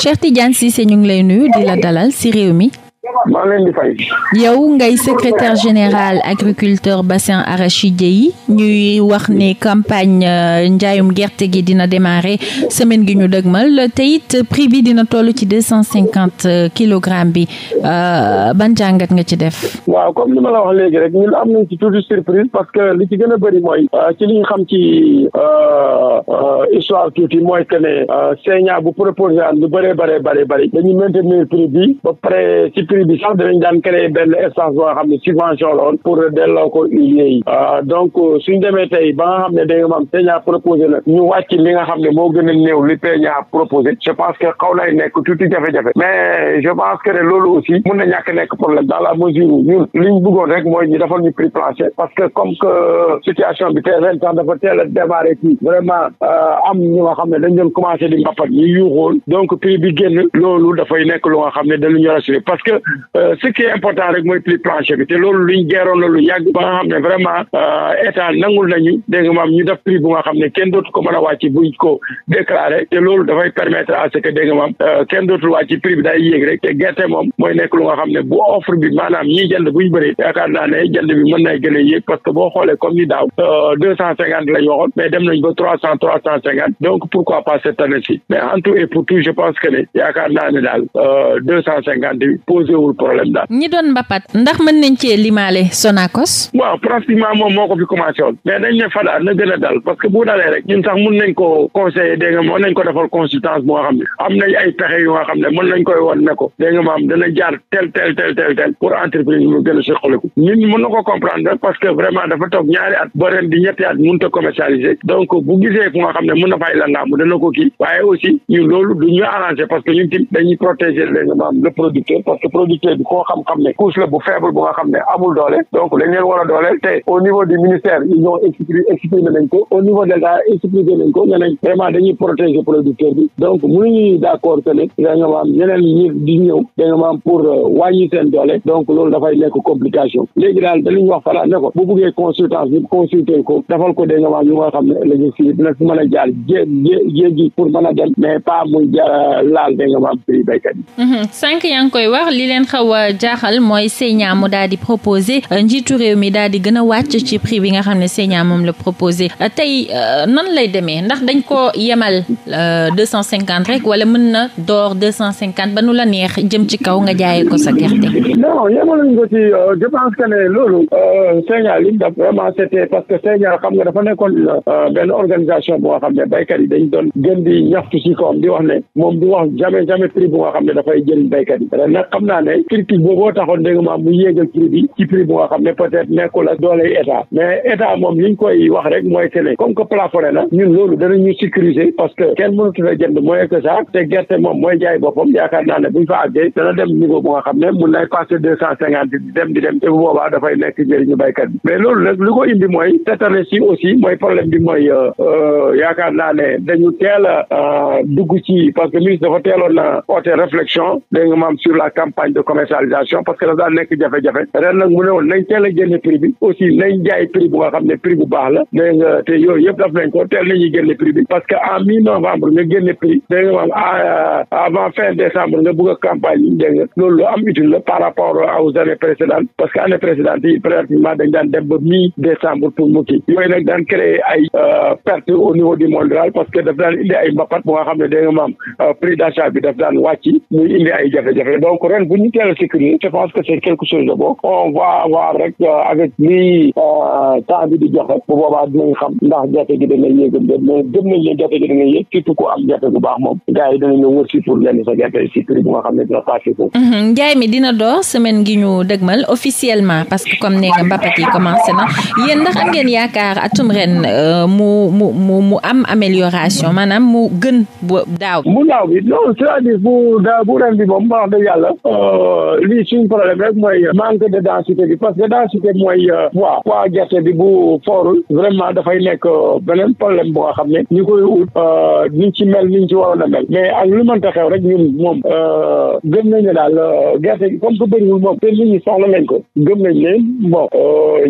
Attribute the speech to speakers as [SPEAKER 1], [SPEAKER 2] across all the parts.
[SPEAKER 1] Cheikh Tidiane Cissé ñu ngi lay nuyu di la dalal ci réew mi.
[SPEAKER 2] maa ngi leen di fay.
[SPEAKER 1] yow ngay secrétaire général agriculteur bassin arachidier yi ñuy wax ni campagne euh, njaayum gerte gi dina démarrer semaine gi ñu ma la it prix bi dina toll ci deux cent cinquante euh, kilogramme bi euh, ban jàngat nga ci def.
[SPEAKER 2] waaw comme ni ma la wax léegi rek ñun am nañ ci tuuti surprise parce que li ci gën a bëri mooy. ci li ñu xam ci histoire tuuti mooy que ne. bu proposé am lu bëree bëree bëri dañu maintenir prix bi ba pare ci prix bi sax danañ daan créer benn espace boo xam ne subvention la woon pour delloo ko huiliers yi euh, donc euh, suñ demee tey ba nga xam ne dañu maam peña proposé na ñu wàcc li nga xam ne moo gën a néew li peña proposé je pense que xaw nekk tuuti jafe-jafe mais je pense que loolu aussi mun na ñàkk nekk problème dans la mesure ñun li ñu bëggoon rek mooy ñu defal ñu prix plancher parce que comme que situation bi tey ren sax dafa teel a démarré fii vraiment euh, am ñu nga xam ne Euh, ce qui est important rek mooy prix plancher bi te loolu luñ geroon la lu yàgg ba nga xam ne vraiment euh, état nangul nañu dégg nga ñu def prix bu nga xam ne kenn dootu ko mën a wàcc buñ ko déclaré te loolu dafay permettre à ce que dégg nga euh, kenn dootul wàcc prix bi day yéeg rek te gerte moom mooy nekk lu nga xam ne bu offre bi maanaam ñiy jënd buñ bëri yaakaar naa ne jënd bi mën na gën a yéeg parce que boo xoolee comme ni daaw deux cent cinquante posé wul problème daal.
[SPEAKER 1] ñi doon mbapat ndax mën nañ cee limaale Sonacos. waaw pratiquement moom moo ko fi commencé
[SPEAKER 2] mais dañ ne Fada na gën a dal parce que bu dalee rek ñun sax mun nañ ko conseiller dégg nga mën dana jaar tel tel tel tel tel pour entreprise mu gën a soqaliku ñun mën na ko comprendre parce que vraiment dafa toog ñaari at ba ren di ñetti at mënut a commercialiser donc bu gisee fu nga xam ne mën na fay langaamu dana ko kii waaye producteur bi koo xam-xam ne couche la bu faible bu nga xam ne amul doole donc lañ leen war a dooleel te au niveau du ministère ils ont exprimé exprimé nañ ko au niveau de l'État exprimé nañ ko ne nañ vraiment da nga maam ñeneen ñi di ñëw da nga maam pour euh, wàññi seen doole donc loolu dafay nekk complication léegi daal dañuy wax fala ne ko bu buggee consultance bi consulter ko dafal ko da nga maam yu nga xam ne lañu si dina a jaar jé jéegi pour mën a dem mais pas muy euh, laal da nga maam prix béykat
[SPEAKER 1] yi mm-hmm. li leen xaw a jaaxal mooy Seynia mu daal di proposé euh, njiitu réew mi daal di gën a wàcc ci prix bi nga xam ne Seynia moom la proposé euh, tey euh, nan lay demee ndax dañ ko yemal deux cent cinquante rek wala mën na door deux cent cinquante ba nu la neex jëm ci kaw nga jaayee ko sa gerte.
[SPEAKER 2] non yemaluñ ko ci je pense que ne loolu. Seynia li daf vraiment c'était parce que Seynia xam nga dafa nekkoon benn organisation bu nga xam ne baykat yi dañ doon gën di ñaxtu si koom di wax ne moom du wax jamais jamais prix bu nga xam ne dafay jëriñ baykat naa ne critique booboo taxoon dégg nga maam mu yéegal prix bi ci prix bu nga xam ne peut nekkul ak doole état mais état moom liñ koy wax rek mooy que ne comme que plafonné na ñun loolu danañu sécuriser parce que kenn mënatu la jënd mooy que ça te gerte moom mooy jaay boppam yaakaar naa ne buñ fa àggee dana dem niveau bu nga xam ne mun nay passé deux cent cinquante dem di dem te bu boobaa dafay nekk njëriñu béykat bi mais loolu nag li euh, euh, a euh, campagne de commercialisation parce que daf daan nekk jafe-jafe ren nag mu ne woon nañ teel génne prix bi aussi nañ jaay prix bu nga xam ne prix bu baax la dégg nga euh, te yooyu yëpp daf nañ ko teel nañuy génne prix bi parce que en mi novembre nga génne prix dégg nga maam ah, euh, avant fin décembre nga bëgg a loolu am utile la par rapport aux années précédentes parce que année précédente yi pratiquement dañ daan dem ba mi décembre pour mu yooyu nag daan créer ay euh, perte bu ñu teel a sécuriser je pense que c'est quelque chose de beau on va rek avec lii temps bi di joxe bu boobaa dinañ xam ndax gerte gi dana yéegam dé mais gi dana yéeg surtout ku am gerte bu baax moom gars yi danañ la wër si pour lenn sa gerte si bu nga xam ne dina passé foofu
[SPEAKER 1] njaay mi dina door semaine gi ñu dëgmal officiellement parce que comme nee nga mbapat yi na yéen ndax am ngeen yaakaar atum ren mu mu mu mu am amélioration maanaam mu gën bu daaw bu daaw bi non c'est-à-dire
[SPEAKER 2] bu daaw bu Euh, lii suñ problème rek mooy manque de densité bi parce que densité bi mooy poids euh, poids gerte bi bu foorul vraiment dafay nekk euh, beneen problème bu nga xam ne ñu koy ut niñ ci mel ñu ci waroon a mel mais ak lu mënta xew rek ñun moom gëm nañ ne daal gerte gi comme que bëriwul moom te nit ñi nañ ko gëm nañ ne bon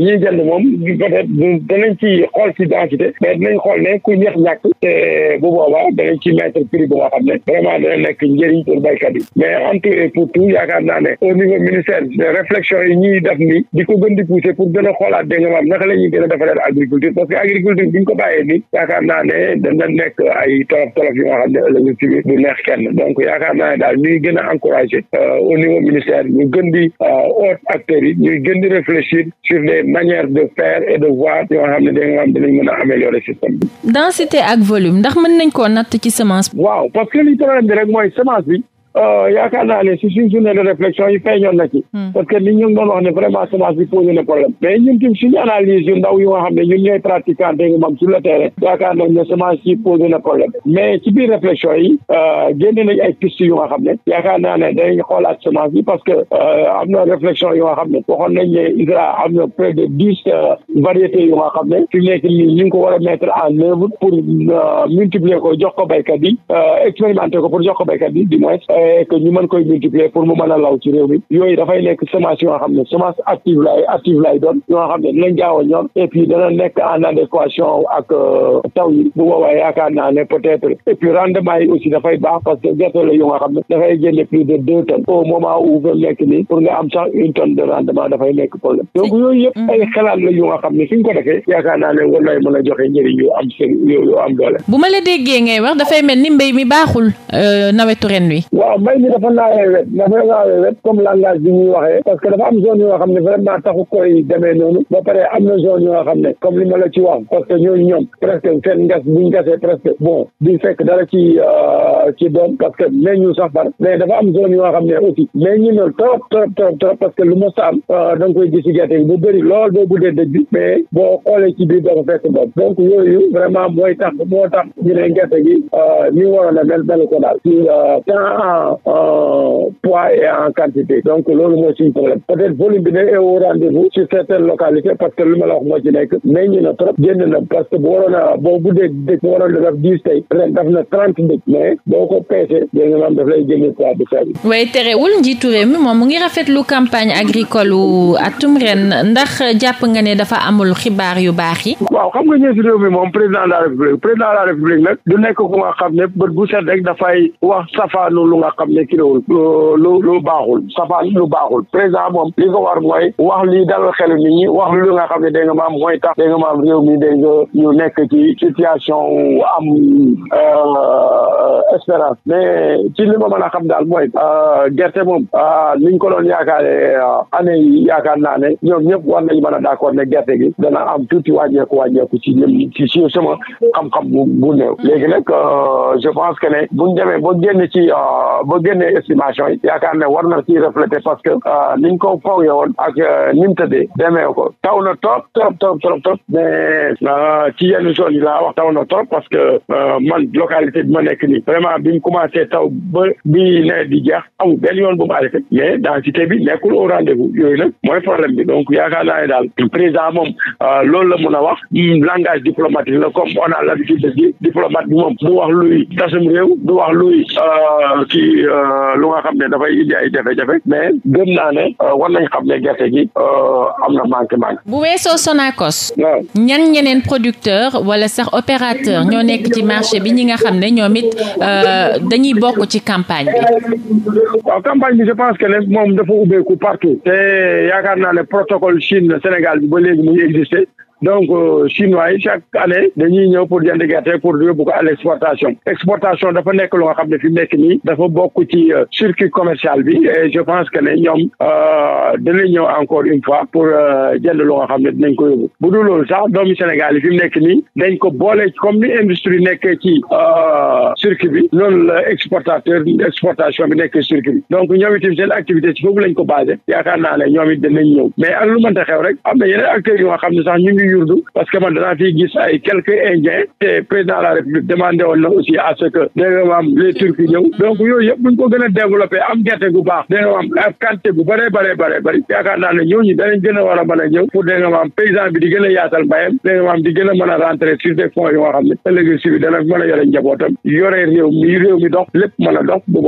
[SPEAKER 2] ñiy jënd moom peut-être ci xool ci densité mais nañ xool ne ku ñeex ñàkk te bu boobaa danañ ci mettre prix bu nga xam ne vraiment dana nekk njëriñ pour baykat mais en tout et pour tout yaakaar naa ne au niveau ministère de réflexion yi ñuy def ni di ko gën di pousser pour gën a xoolaat dégg nga maam naka la ñuy gën a defaree agriculture parce que agriculture bi ñu ko bàyyee ni yaakaar naa ne dana nekk ay tolof tolof yu nga xam ne ëllëg du neex kenn donc yaakaar naa ne daal ñuy gën a encourager euh, au niveau ministère ñu gën di haut euh, acteurs yi ñuy gën di réfléchir sur les manières de faire et de voir yoo xam ne dégg nga maam dinañ mën a bi Euh, yaakaar naa ne si suñ journée de réflexion yi feeñoon na ci. Hmm. parce que li ñu doon wax ne vraiment semence bi posé na problème. mais ñun tim suñu analyse yu ndaw yu nga xam ne ñun ñooy pratiquant dégg nga moom sur le yaakaar nañ ne semence yi posé na problème. mais ci biir réflexion yi. Euh, génne nañ ay piste yu nga xam ne. yaakaar naa ne dañ xoolaat semence bi parce que euh, am na réflexion yu nga xam ne. waxoon nañ ne ISRA am na près de dix variétés yu nga xam ne. fi nekk nii ñu ngi ko war a mettre en œuvre pour multiplier ko jox ko béykat bi expérimenter ko pour jox ko moyen que ñu mën mu a nekk a euh, nii pour nga am sax une tonne de rendement dafay nekk problème donc yooyu yëpp mm. ay xalaat la yoo nga xam ne fi ñu ko defee yaakaar naa ne war lay mën a joxe njëriñ yu am seen yu am doole
[SPEAKER 1] bu ma la déggee ngay wax dafay mel ni mbéy mi baaxul euh, nawetu ren wi
[SPEAKER 2] waaw waaw mbay mi dafa naawee wet dafa naawee wet comme langage bi muy waxee parce que dafa am zone yoo xam ne vraiment taxu koy demee noonu ba pare am na zone yoo xam ne comme li ma la ci wax parce que ñooñu ñoom presque seen ngas buñ gasee presque bon di fekk dara ci euh, ci doom parce que mais ñu sax par dafa am zone yoo xam ne aussi mais ñu ne trop trop trop trop parce que lu ma sa am euh, da koy gis gerte gi bu bëri lool boo buddee dëj bi mais boo xoolee ci biir dafa fekk boobu donc yooyu mooy tax moo tax ñu ne gerte gi euh, ñu waroon a mel melu en, euh, en poids et en quantité donc loolu mooy suñu problème peut-être volume bi day au rendez-vous sur parce que li ma la wax moo ci nekk mais trop génn na parce que bu waroon a boo guddee dëkk bu waroon def dix tey ren daf na trente dëkk mais boo ko peese dégg nga daf lay génne poids bi faible.
[SPEAKER 1] waaye terewul njiitu réew mi moom mu ngi rafetlu campagne agricole wu atum ren ndax jàpp nga ne dafa amul xibaar yu baax yi.
[SPEAKER 2] waaw xam nga njiitu réew mi moom président nga xam ne kiloowul lu lu baaxul safaan lu baaxul président moom li ko war mooy wax lii dalal xelu nit ñi wax lu nga xam ne da nga maam mooy tax da nga maam réew mi da nga ñu nekk ci situation am euh, espérance mais ci li ma mën a xam daal mooy euh, gerte moom euh, niñ ko doon yaakaare année yi yaakaar naa ne ñoom ñëpp war nañ mën a d'accord ne gerte gi dana am tuuti wàññeeku wàññeeku ci ñëm ci ci sama xam-xam bu bu néew léegi nag je pense que ne buñ demee ba génn ba génnee estimation yi yaakaar ne war na ciy refléter parce que euh, niñ ko foogee woon ak euh, ni mu tëddee ko taw na trop trop trop trop mais euh, ci yenn zone yi la wax taw na trop parce que man localité bi ma nekk nii vraiment bi mu commencé taw ba bi nawet di jeex amul benn yoon bu mu arrêté mais densité bi nekk au rendez-vous yooyu nag mooy problème bi donc yaakaar naa ne daal président moom loolu la mun a wax hmm, langage diplomatique la comme on a l'habitude de dire bi moom du wax luy tasum réew du Euh, lu nga xam ne dafay indi ay jafe-jafe mais gën naa ne euh, war nañ xam ne gerte gi euh, am na manque manque
[SPEAKER 1] bu weesoo Sonacos ñan ñeneen producteur wala sax opérateur ñoo nekk ci marché bi ñi nga xam ne ñoom it dañuy bokk ci campagne bi
[SPEAKER 2] waaw campagne bi je pense que ne moom dafa ubbeeku partout te yaakaar naa ne protocole Chine Sénégal bi ba léegi muy exister donc euh, chinois yi chaque année dañuy ñëw pour jënd gerte pour yóbbu ko à l' exportation exportation dafa nekk lu nga xam ne fi mu nekk nii dafa bokk ci euh, circuit commercial bi et je pense que ne ñoom euh, dinañ ñëw encore une fois pour jënd lu nga xam ne dinañ ko yóbbu bu dul loolu sax doomu Sénégal yi fi mu nekk nii dañ ko boole comme ni industrie nekkee ci circuit bi noonu la exportateur exportation bi nekkee circuit bi donc ñoom itam seen activité ci foofu lañ ko basé yaakaar naa ne ñoom it dinañ ñëw mais ak fiy yurdu parce que man danaa fiy gis ay quelques indiens te président la république demandé woon na aussi à ce que dégg nga maam les ñëw donc yooyu yëpp bu ñu ko gën a am gerte gu baax dégg nga maam ak quantité bu bëree bëree yaakaar naa ne ñooñu danañ gën a war a mën a ñëw pour dégg nga paysan bi di gën a mbayam dégg nga di gën mën a rentré sur des xam ne ëllëg bi dana mën a yore njabootam yore réew mi réew mi dox lépp mën a dox bu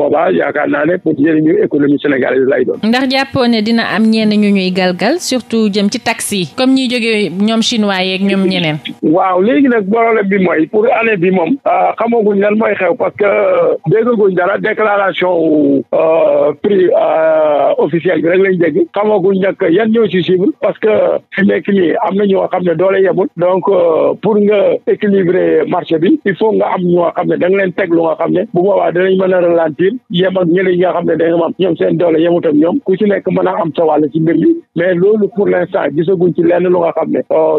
[SPEAKER 1] chinois yeeg ñoom ñeneen.
[SPEAKER 2] waaw léegi nag boole bi mooy pour année bi moom. Ah, xamaguñ lan mooy xew parce que euh, déggaguñ dara déclaration euh, prix euh, officiel bi rek lañ dégg xamaguñ nag yan ñëw ci cible parce que fi nekk nii am na ñoo xam ne doole yemul donc pour nga équilibrer marché bi il faut nga am ñoo xam ne da leen teg lu nga xam ne bu boobaa danañ mën a ralentir yem ak ñeneen ñi nga xam ne da nga ñoom seen doole yemut ak ñoom ku ci nekk mën a am sa wàll ci mbir mi mais loolu pour l'instant gisaguñ ci lenn lu nga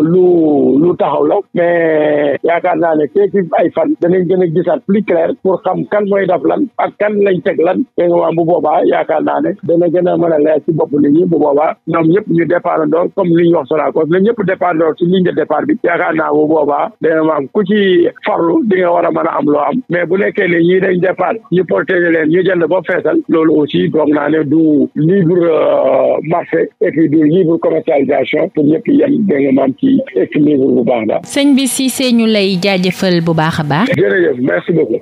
[SPEAKER 2] lu lu taxaw la mais yaakaar naa ne fekk ay fan danañ gën a gisaat plus clair pour xam kan mooy daf lan ak kan lañ teg lan da nga maam bu boobaa yaakaar naa ne dana gën a mën a leer ci bopp nit ñi bu boobaa ñoom ñëpp ñu départ ndoor comme li ñu wax Sonacos la ñëpp départ ndoor ci ligne de départ bi yaakaar naa bu boobaa dana maam ku ci farlu di war a man a am loo am mais bu nekkee ne ñii dañ départ ñu protéger leen ñu jënd ba feesal loolu aussi doog naa ne du libre euh, marché et équilibre bu baax
[SPEAKER 1] bi Cissé ñu lay jaajëfal bu baax a
[SPEAKER 2] baax.